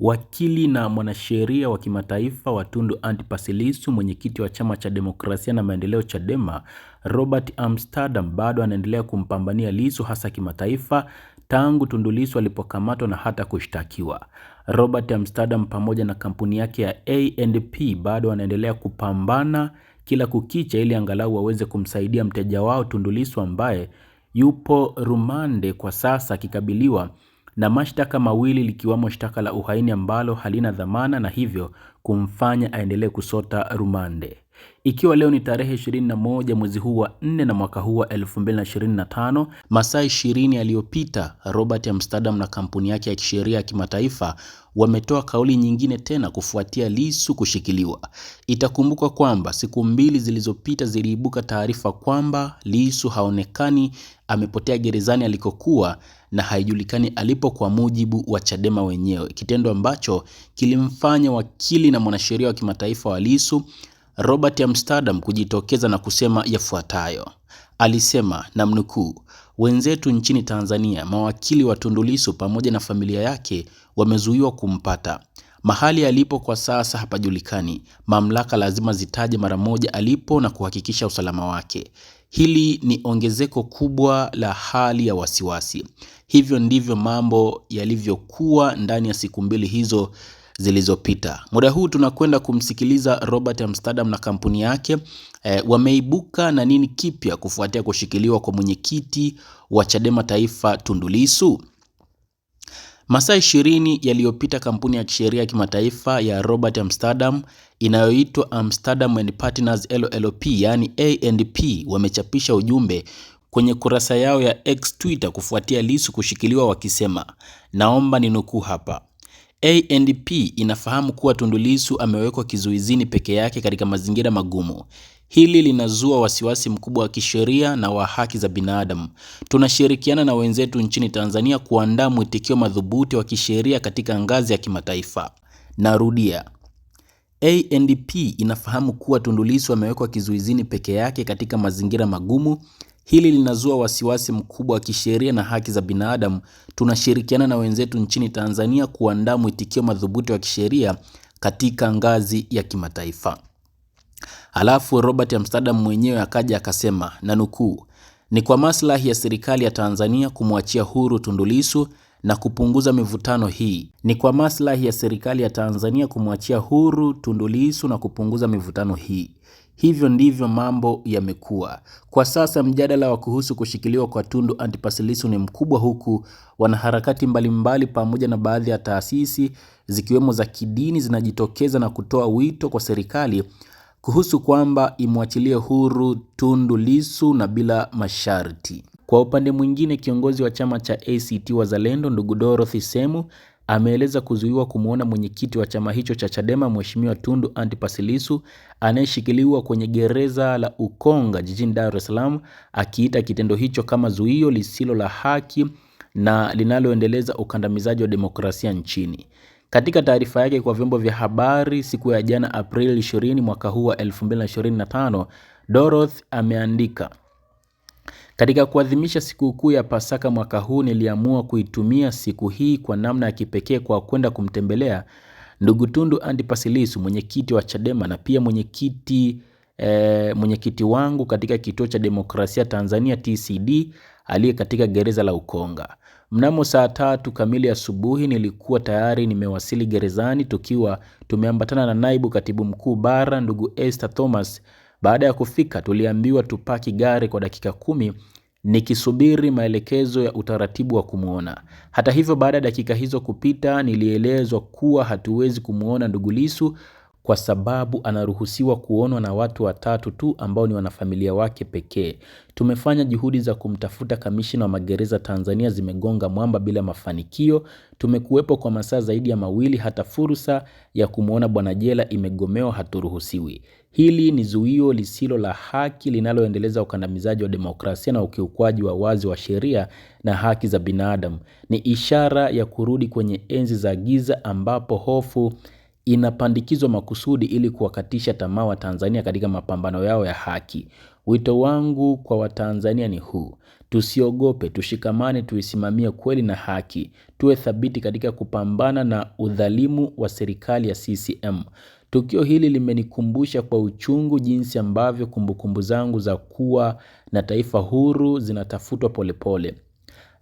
Wakili na mwanasheria wa kimataifa wa Tundu Antipas Lissu, mwenyekiti wa chama cha demokrasia na maendeleo Chadema, Robert Amsterdam bado anaendelea kumpambania Lissu hasa kimataifa tangu Tundu Lissu alipokamatwa na hata kushtakiwa. Robert Amsterdam pamoja na kampuni yake ya A&P bado wanaendelea kupambana kila kukicha ili angalau waweze kumsaidia mteja wao Tundu Lissu ambaye yupo rumande kwa sasa akikabiliwa na mashtaka mawili likiwamo shtaka la uhaini ambalo halina dhamana na hivyo kumfanya aendelee kusota rumande. Ikiwa leo ni tarehe 21 mwezi huu wa 4 na mwaka huu wa 2025, masaa 20 yaliyopita, Robert Amsterdam na kampuni yake ya kisheria ya kimataifa wametoa kauli nyingine tena kufuatia Lissu kushikiliwa. Itakumbukwa kwamba siku mbili zilizopita ziliibuka taarifa kwamba Lissu haonekani, amepotea gerezani alikokuwa na haijulikani alipo, kwa mujibu wa Chadema wenyewe, kitendo ambacho kilimfanya wakili na na mwanasheria wa kimataifa wa Lissu Robert Amsterdam kujitokeza na kusema yafuatayo. Alisema namnukuu, wenzetu nchini Tanzania, mawakili wa Tundu Lissu pamoja na familia yake wamezuiwa kumpata. Mahali alipo kwa sasa hapajulikani. Mamlaka lazima zitaje mara moja alipo na kuhakikisha usalama wake. Hili ni ongezeko kubwa la hali ya wasiwasi. Hivyo ndivyo mambo yalivyokuwa ndani ya siku mbili hizo zilizopita. Muda huu tunakwenda kumsikiliza Robert Amsterdam na kampuni yake e, wameibuka na nini kipya kufuatia kushikiliwa kwa mwenyekiti wa Chadema Taifa Tundu Lissu. Masaa ishirini yaliyopita kampuni ya kisheria ya kimataifa ya Robert Amsterdam inayoitwa Amsterdam and Partners LLP yani A&P wamechapisha ujumbe kwenye kurasa yao ya X Twitter kufuatia Lissu kushikiliwa wakisema, naomba ninukuu hapa: ANP inafahamu kuwa Tundu Lissu amewekwa kizuizini peke yake katika mazingira magumu. Hili linazua wasiwasi mkubwa wa kisheria na wa haki za binadamu. Tunashirikiana na wenzetu nchini Tanzania kuandaa mwitikio madhubuti wa kisheria katika ngazi ya kimataifa. Narudia. ANDP inafahamu kuwa Tundu Lissu amewekwa kizuizini peke yake katika mazingira magumu. Hili linazua wasiwasi mkubwa wa kisheria na haki za binadamu. Tunashirikiana na wenzetu nchini Tanzania kuandaa mwitikio madhubuti wa kisheria katika ngazi ya kimataifa. Alafu Robert Amsterdam mwenyewe akaja akasema, na nukuu, ni kwa maslahi ya serikali ya Tanzania kumwachia huru Tundu Lissu na kupunguza mivutano hii. Ni kwa maslahi ya serikali ya Tanzania kumwachia huru Tundu Lissu na kupunguza mivutano hii. Hivyo ndivyo mambo yamekuwa. Kwa sasa mjadala wa kuhusu kushikiliwa kwa Tundu Antipas Lissu ni mkubwa, huku wanaharakati mbalimbali pamoja na baadhi ya taasisi zikiwemo za kidini zinajitokeza na kutoa wito kwa serikali kuhusu kwamba imwachilie huru Tundu Lissu na bila masharti. Kwa upande mwingine, kiongozi wa chama cha ACT Wazalendo ndugu Dorothy Semu ameeleza kuzuiwa kumwona mwenyekiti wa chama hicho cha Chadema Mheshimiwa Tundu Antipas Lissu anayeshikiliwa kwenye gereza la Ukonga jijini Dar es Salaam, akiita kitendo hicho kama zuio lisilo la haki na linaloendeleza ukandamizaji wa demokrasia nchini. Katika taarifa yake kwa vyombo vya habari siku ya jana Aprili 20 mwaka huu wa 2025, Doroth ameandika katika kuadhimisha sikukuu ya Pasaka mwaka huu, niliamua kuitumia siku hii kwa namna ya kipekee kwa kwenda kumtembelea ndugu Tundu Antipas Lissu, mwenyekiti wa Chadema na pia mwenyekiti e, mwenyekiti wangu katika kituo cha demokrasia Tanzania TCD aliye katika gereza la Ukonga. Mnamo saa tatu kamili asubuhi nilikuwa tayari nimewasili gerezani tukiwa tumeambatana na naibu katibu mkuu bara ndugu Esther Thomas baada ya kufika, tuliambiwa tupaki gari kwa dakika kumi nikisubiri maelekezo ya utaratibu wa kumwona. Hata hivyo, baada ya dakika hizo kupita, nilielezwa kuwa hatuwezi kumwona ndugu lisu kwa sababu anaruhusiwa kuonwa na watu watatu tu ambao ni wanafamilia wake pekee. Tumefanya juhudi za kumtafuta kamishina wa magereza Tanzania zimegonga mwamba bila mafanikio. Tumekuwepo kwa masaa zaidi ya mawili, hata fursa ya kumwona bwana jela imegomewa. Haturuhusiwi. Hili ni zuio lisilo la haki linaloendeleza ukandamizaji wa demokrasia na ukiukwaji wa wazi wa sheria na haki za binadamu. Ni ishara ya kurudi kwenye enzi za giza ambapo hofu inapandikizwa makusudi ili kuwakatisha tamaa Watanzania katika mapambano yao ya haki. Wito wangu kwa Watanzania ni huu: tusiogope, tushikamane, tuisimamie kweli na haki, tuwe thabiti katika kupambana na udhalimu wa serikali ya CCM. Tukio hili limenikumbusha kwa uchungu jinsi ambavyo kumbukumbu zangu za kuwa na taifa huru zinatafutwa polepole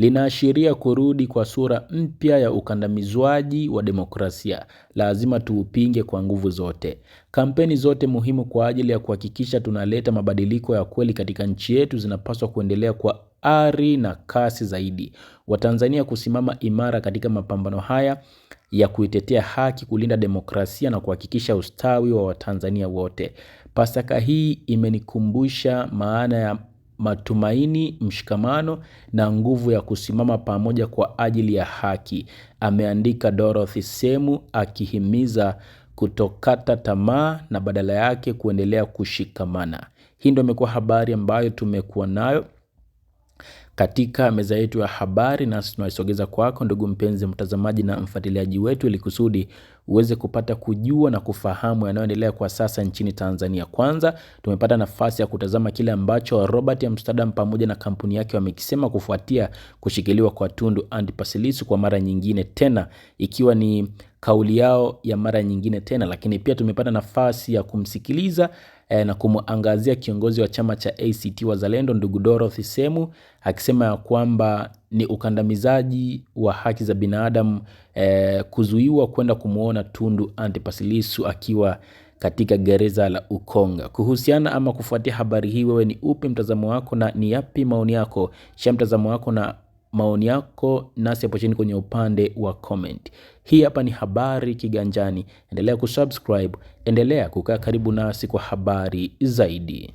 linaashiria kurudi kwa sura mpya ya ukandamizwaji wa demokrasia. Lazima tuupinge kwa nguvu zote. Kampeni zote muhimu kwa ajili ya kuhakikisha tunaleta mabadiliko ya kweli katika nchi yetu zinapaswa kuendelea kwa ari na kasi zaidi. Watanzania kusimama imara katika mapambano haya ya kuitetea haki, kulinda demokrasia na kuhakikisha ustawi wa Watanzania wote. Pasaka hii imenikumbusha maana ya matumaini, mshikamano na nguvu ya kusimama pamoja kwa ajili ya haki, ameandika Dorothy Semu akihimiza kutokata tamaa na badala yake kuendelea kushikamana. Hii ndio imekuwa habari ambayo tumekuwa nayo katika meza yetu ya habari, nasi tunaisogeza kwako ndugu mpenzi mtazamaji na mfuatiliaji wetu, ili kusudi uweze kupata kujua na kufahamu yanayoendelea kwa sasa nchini Tanzania. Kwanza tumepata nafasi ya kutazama kile ambacho Robert Amsterdam pamoja na kampuni yake wamekisema kufuatia kushikiliwa kwa Tundu Antipas Lissu kwa mara nyingine tena, ikiwa ni kauli yao ya mara nyingine tena, lakini pia tumepata nafasi ya kumsikiliza e, na kumwangazia kiongozi wa chama cha ACT Wazalendo ndugu Dorothy Semu akisema ya kwamba ni ukandamizaji wa haki za binadamu e, kuzuiwa kwenda kumwona Tundu Antipas Lissu akiwa katika gereza la Ukonga. Kuhusiana ama kufuatia habari hii, wewe ni upi mtazamo wako na ni yapi maoni yako? Shia mtazamo wako na maoni yako nasi hapo chini kwenye upande wa comment. Hii hapa ni Habari Kiganjani. Endelea kusubscribe, endelea kukaa karibu nasi kwa habari zaidi.